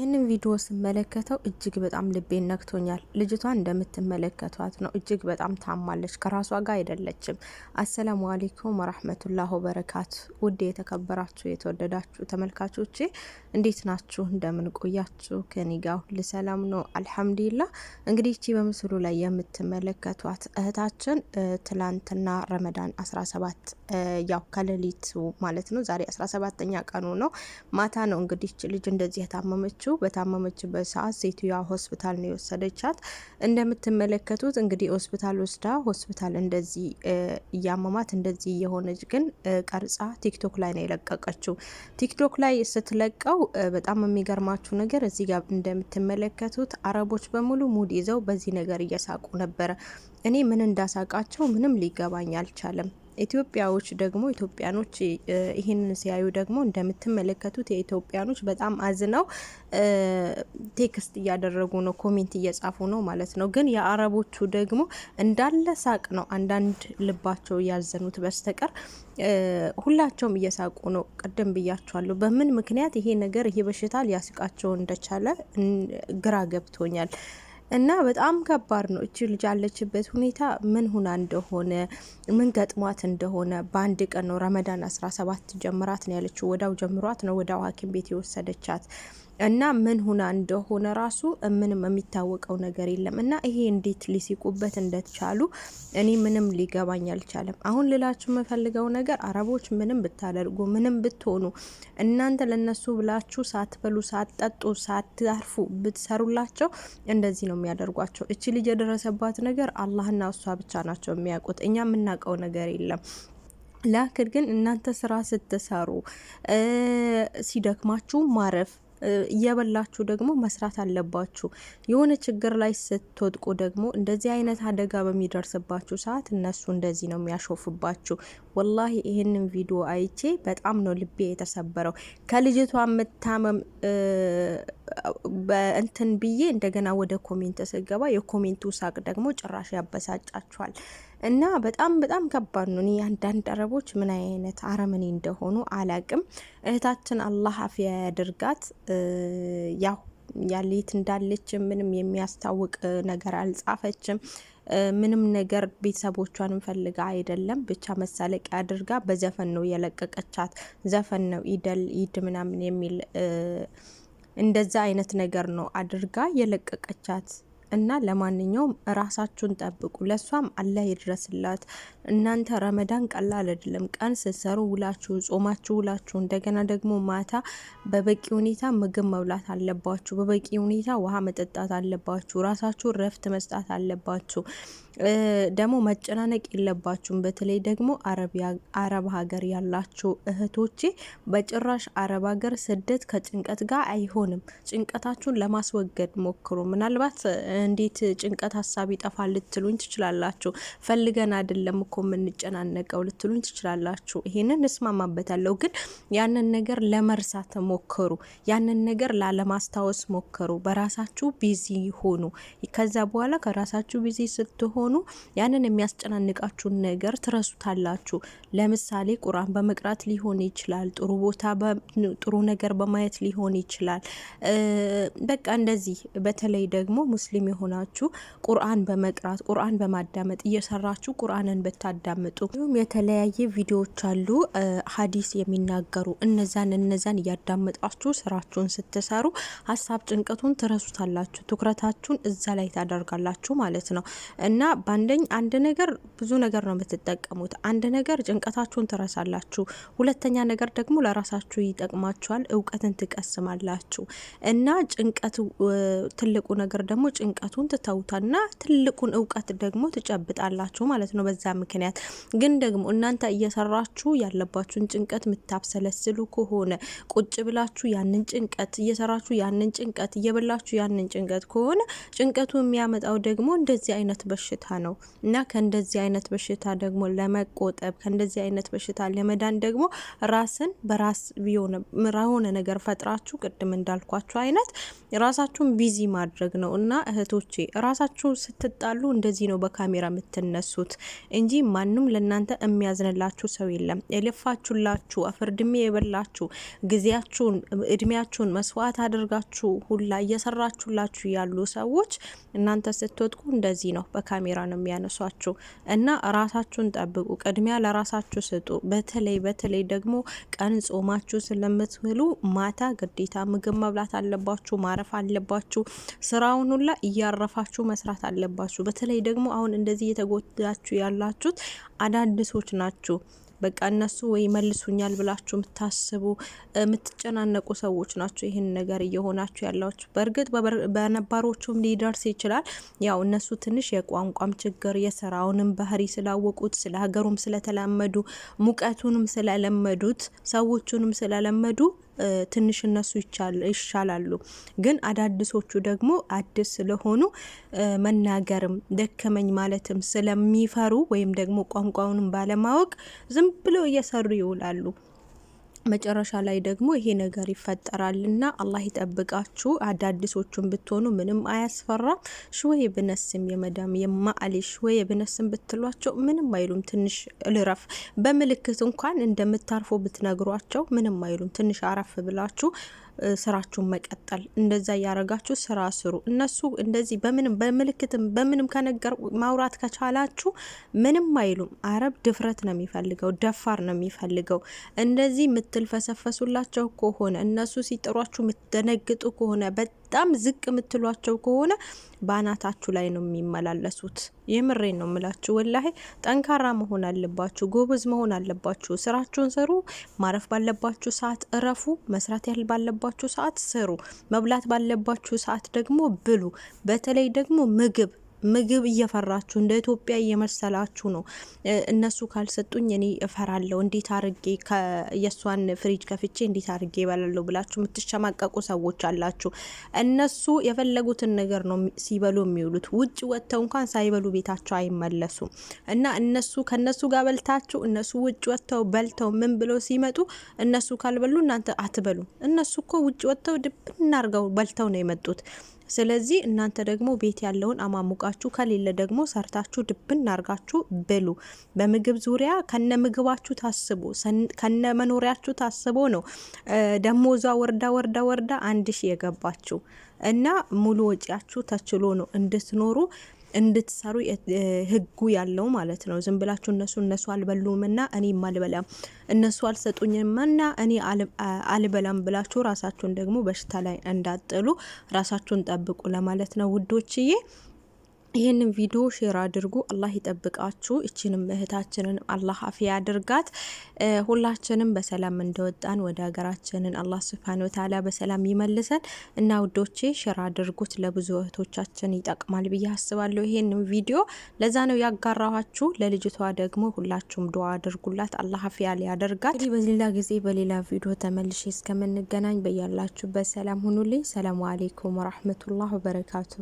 ይህንን ቪዲዮ ስመለከተው እጅግ በጣም ልቤን ነክቶኛል። ልጅቷ እንደምትመለከቷት ነው፣ እጅግ በጣም ታማለች። ከራሷ ጋር አይደለችም። አሰላሙ አሌይኩም ወራህመቱላሁ በረካቱ። ውድ የተከበራችሁ የተወደዳችሁ ተመልካቾቼ እንዴት ናችሁ? እንደምን ቆያችሁ? ከኒጋው ልሰላም ነው አልሐምዱሊላ። እንግዲህ እቺ በምስሉ ላይ የምትመለከቷት እህታችን ትላንትና ረመዳን 17 ያው ከሌሊቱ ማለት ነው ዛሬ 17ኛ ቀኑ ነው ማታ ነው እንግዲህ ልጅ እንደዚህ የታመመችው የመጣችው በታመመችበት ሰዓት ሴትዮዋ ሆስፒታል ነው የወሰደቻት። እንደምትመለከቱት እንግዲህ ሆስፒታል ወስዳ ሆስፒታል እንደዚህ እያመማት እንደዚህ እየሆነች ግን ቀርጻ ቲክቶክ ላይ ነው የለቀቀችው። ቲክቶክ ላይ ስትለቀው በጣም የሚገርማችሁ ነገር እዚህ ጋር እንደምትመለከቱት አረቦች በሙሉ ሙድ ይዘው በዚህ ነገር እየሳቁ ነበረ። እኔ ምን እንዳሳቃቸው ምንም ሊገባኝ አልቻለም። ኢትዮጵያዎች ደግሞ ኢትዮጵያኖች ይህንን ሲያዩ ደግሞ እንደምትመለከቱት የኢትዮጵያኖች በጣም አዝነው ቴክስት እያደረጉ ነው፣ ኮሜንት እየጻፉ ነው ማለት ነው። ግን የአረቦቹ ደግሞ እንዳለ ሳቅ ነው፣ አንዳንድ ልባቸው ያዘኑት በስተቀር ሁላቸውም እየሳቁ ነው። ቅድም ብያቸዋለሁ። በምን ምክንያት ይሄ ነገር ይሄ በሽታ ሊያስቃቸው እንደቻለ ግራ ገብቶኛል። እና በጣም ከባድ ነው። እች ልጅ ያለችበት ሁኔታ ምን ሁና እንደሆነ ምን ገጥሟት እንደሆነ በአንድ ቀን ነው ረመዳን 17 ጀምራት ነው ያለችው። ወዳው ጀምሯት ነው ወዳው ሐኪም ቤት የወሰደቻት እና ምን ሁና እንደሆነ ራሱ ምንም የሚታወቀው ነገር የለም። እና ይሄ እንዴት ሊስቁበት እንደቻሉ እኔ ምንም ሊገባኝ አልቻለም። አሁን ልላችሁ የምፈልገው ነገር አረቦች ምንም ብታደርጉ፣ ምንም ብትሆኑ እናንተ ለነሱ ብላችሁ ሳትበሉ፣ ሳትጠጡ፣ ሳታርፉ ብትሰሩላቸው እንደዚህ ነው የሚያደርጓቸው። እቺ ልጅ የደረሰባት ነገር አላህና እሷ ብቻ ናቸው የሚያውቁት። እኛ የምናውቀው ነገር የለም። ላክን ግን እናንተ ስራ ስትሰሩ ሲደክማችሁ ማረፍ እየበላችሁ ደግሞ መስራት አለባችሁ። የሆነ ችግር ላይ ስትወድቁ ደግሞ እንደዚህ አይነት አደጋ በሚደርስባችሁ ሰዓት እነሱ እንደዚህ ነው የሚያሾፍባችሁ ወላሂ ይህንን ቪዲዮ አይቼ በጣም ነው ልቤ የተሰበረው። ከልጅቷ የምታመም በእንትን ብዬ እንደገና ወደ ኮሜንት ስገባ የኮሜንቱ ሳቅ ደግሞ ጭራሽ ያበሳጫችኋል። እና በጣም በጣም ከባድ ነው። እኔ አንዳንድ አረቦች ምን አይነት አረመኔ እንደሆኑ አላቅም። እህታችን አላህ አፍያ ያድርጋት። ያው ያሌት እንዳለች ምንም የሚያስታውቅ ነገር አልጻፈችም። ምንም ነገር ቤተሰቦቿን ፈልጋ አይደለም፣ ብቻ መሳለቅ አድርጋ በዘፈን ነው የለቀቀቻት። ዘፈን ነው ኢደል ኢድ ምናምን የሚል እንደዛ አይነት ነገር ነው አድርጋ የለቀቀቻት። እና ለማንኛውም ራሳችሁን ጠብቁ። ለእሷም አላህ ይድረስላት። እናንተ ረመዳን ቀላል አይደለም። ቀን ስትሰሩ ውላችሁ፣ ጾማችሁ ውላችሁ፣ እንደገና ደግሞ ማታ በበቂ ሁኔታ ምግብ መብላት አለባችሁ። በበቂ ሁኔታ ውሃ መጠጣት አለባችሁ። ራሳችሁ ረፍት መስጣት አለባችሁ። ደግሞ መጨናነቅ የለባችሁም። በተለይ ደግሞ አረብ ሀገር ያላችሁ እህቶቼ በጭራሽ አረብ ሀገር ስደት ከጭንቀት ጋር አይሆንም። ጭንቀታችሁን ለማስወገድ ሞክሩ። ምናልባት እንዴት ጭንቀት ሀሳብ ይጠፋል ልትሉኝ ትችላላችሁ። ፈልገን አይደለም እኮ የምንጨናነቀው ልትሉኝ ትችላላችሁ። ይሄንን እስማማበታለሁ። ግን ያንን ነገር ለመርሳት ሞክሩ። ያንን ነገር ላለማስታወስ ሞክሩ። በራሳችሁ ቢዚ ሆኑ። ከዛ በኋላ ከራሳችሁ ቢዚ ስትሆኑ ስትሆኑ ያንን የሚያስጨናንቃችሁን ነገር ትረሱታላችሁ። ለምሳሌ ቁርአን በመቅራት ሊሆን ይችላል። ጥሩ ቦታ ጥሩ ነገር በማየት ሊሆን ይችላል። በቃ እንደዚህ በተለይ ደግሞ ሙስሊም የሆናችሁ ቁርአን በመቅራት ቁርአን በማዳመጥ እየሰራችሁ ቁርአንን ብታዳምጡ እንዲሁም የተለያየ ቪዲዮዎች አሉ ሀዲስ የሚናገሩ እነዛን እነዛን እያዳመጣችሁ ስራችሁን ስትሰሩ ሀሳብ ጭንቀቱን ትረሱታላችሁ። ትኩረታችሁን እዛ ላይ ታደርጋላችሁ ማለት ነው እና በአንደኝ አንድ ነገር ብዙ ነገር ነው የምትጠቀሙት። አንድ ነገር ጭንቀታችሁን ትረሳላችሁ። ሁለተኛ ነገር ደግሞ ለራሳችሁ ይጠቅማችኋል፣ እውቀትን ትቀስማላችሁ እና ጭንቀቱ ትልቁ ነገር ደግሞ ጭንቀቱን ትተውታና ትልቁን እውቀት ደግሞ ትጨብጣላችሁ ማለት ነው። በዛ ምክንያት ግን ደግሞ እናንተ እየሰራችሁ ያለባችሁን ጭንቀት የምታብሰለስሉ ከሆነ ቁጭ ብላችሁ ያንን ጭንቀት እየሰራችሁ ያንን ጭንቀት እየበላችሁ ያንን ጭንቀት ከሆነ ጭንቀቱ የሚያመጣው ደግሞ እንደዚህ አይነት በሽታ በሽታ ነው እና ከእንደዚህ አይነት በሽታ ደግሞ ለመቆጠብ ከእንደዚህ አይነት በሽታ ለመዳን ደግሞ ራስን በራስ የሆነ ነገር ፈጥራችሁ ቅድም እንዳልኳችሁ አይነት ራሳችሁን ቢዚ ማድረግ ነው እና እህቶቼ ራሳችሁ ስትጣሉ እንደዚህ ነው በካሜራ የምትነሱት እንጂ ማንም ለእናንተ የሚያዝንላችሁ ሰው የለም። የለፋችሁላችሁ አፈርድሜ የበላችሁ ጊዜያችሁን እድሜያችሁን መስዋዕት አድርጋችሁ ሁላ እየሰራችሁላችሁ ያሉ ሰዎች እናንተ ስትወጥቁ እንደዚህ ነው በካሜራ ካሜራ ነው የሚያነሷችሁ እና ራሳችሁን ጠብቁ። ቅድሚያ ለራሳችሁ ስጡ። በተለይ በተለይ ደግሞ ቀን ጾማችሁ ስለምትውሉ ማታ ግዴታ ምግብ መብላት አለባችሁ፣ ማረፍ አለባችሁ። ስራውን ሁላ እያረፋችሁ መስራት አለባችሁ። በተለይ ደግሞ አሁን እንደዚህ እየተጎዳችሁ ያላችሁት አዳዲሶች ናችሁ። በቃ እነሱ ወይ መልሱኛል ብላችሁ የምታስቡ የምትጨናነቁ ሰዎች ናቸው ይህን ነገር እየሆናችሁ ያላችሁ። በእርግጥ በነባሮቹም ሊደርስ ይችላል። ያው እነሱ ትንሽ የቋንቋም ችግር የስራውንም ባህሪ ስላወቁት ስለ ሀገሩም ስለተላመዱ ሙቀቱንም ስለለመዱት ሰዎቹንም ስለለመዱ ትንሽ እነሱ ይሻላሉ። ግን አዳዲሶቹ ደግሞ አዲስ ስለሆኑ መናገርም ደከመኝ ማለትም ስለሚፈሩ ወይም ደግሞ ቋንቋውንም ባለማወቅ ዝም ብሎ እየሰሩ ይውላሉ። መጨረሻ ላይ ደግሞ ይሄ ነገር ይፈጠራል እና አላህ ይጠብቃችሁ። አዳዲሶቹን ብትሆኑ ምንም አያስፈራም። ሽወይ ብነስም የመዳም የማአሊ ሽወይ ብነስም ብትሏቸው ምንም አይሉም። ትንሽ ልረፍ በምልክት እንኳን እንደምታርፎ ብትነግሯቸው ምንም አይሉም። ትንሽ አረፍ ብላችሁ ስራችሁን መቀጠል እንደዛ እያረጋችሁ ስራ ስሩ። እነሱ እንደዚህ በምንም በምልክትም በምንም ከነገር ማውራት ከቻላችሁ ምንም አይሉም። አረብ ድፍረት ነው የሚፈልገው፣ ደፋር ነው የሚፈልገው እንደዚህ የምትልፈሰፈሱላቸው ከሆነ እነሱ ሲጥሯችሁ የምትደነግጡ ከሆነ በጣም ዝቅ የምትሏቸው ከሆነ ባናታችሁ ላይ ነው የሚመላለሱት። የምሬ ነው ምላችሁ። ወላሄ ጠንካራ መሆን አለባችሁ፣ ጎበዝ መሆን አለባችሁ። ስራችሁን ስሩ። ማረፍ ባለባችሁ ሰዓት እረፉ። መስራት ያህል ባለባችሁ ሰዓት ስሩ። መብላት ባለባችሁ ሰዓት ደግሞ ብሉ። በተለይ ደግሞ ምግብ ምግብ እየፈራችሁ እንደ ኢትዮጵያ እየመሰላችሁ ነው። እነሱ ካልሰጡኝ እኔ እፈራለሁ፣ እንዴት አርጌ የእሷን ፍሪጅ ከፍቼ እንዴት አርጌ ይበላለሁ ብላችሁ የምትሸማቀቁ ሰዎች አላችሁ። እነሱ የፈለጉትን ነገር ነው ሲበሉ የሚውሉት። ውጭ ወጥተው እንኳን ሳይበሉ ቤታቸው አይመለሱም። እና እነሱ ከነሱ ጋር በልታችሁ እነሱ ውጭ ወጥተው በልተው ምን ብለው ሲመጡ እነሱ ካልበሉ እናንተ አትበሉ። እነሱ እኮ ውጭ ወጥተው ድብ እናርገው በልተው ነው የመጡት። ስለዚህ እናንተ ደግሞ ቤት ያለውን አማሙቃችሁ ከሌለ ደግሞ ሰርታችሁ ድብን አርጋችሁ ብሉ። በምግብ ዙሪያ ከነ ምግባችሁ ታስቦ ከነ መኖሪያችሁ ታስቦ ነው ደሞዟ ወርዳ ወርዳ ወርዳ አንድ ሺ የገባችሁ እና ሙሉ ወጪያችሁ ተችሎ ነው እንድትኖሩ እንድትሰሩ ህጉ ያለው ማለት ነው። ዝም ብላችሁ እነሱ እነሱ አልበሉምና እኔም አልበላም፣ እነሱ አልሰጡኝም እና እኔ አልበላም ብላችሁ ራሳችሁን ደግሞ በሽታ ላይ እንዳጥሉ ራሳችሁን ጠብቁ ለማለት ነው ውዶችዬ። ይህንን ቪዲዮ ሼር አድርጉ። አላህ ይጠብቃችሁ። እችንም እህታችንን አላህ አፊያ ያድርጋት ሁላችንም በሰላም እንደወጣን ወደ ሀገራችንን አላህ ስብሃነ ወተዓላ በሰላም ይመልሰን እና ውዶቼ ሼር አድርጉት። ለብዙ እህቶቻችን ይጠቅማል ብዬ አስባለሁ። ይህንን ቪዲዮ ለዛ ነው ያጋራኋችሁ። ለልጅቷ ደግሞ ሁላችሁም ዱዓ አድርጉላት። አላህ አፊያ ሊያደርጋት። እንግዲህ በሌላ ጊዜ በሌላ ቪዲዮ ተመልሼ እስከምንገናኝ በያላችሁበት ሰላም ሁኑልኝ። ሰላሙ አሌይኩም ወረህመቱላህ ወበረካቱ።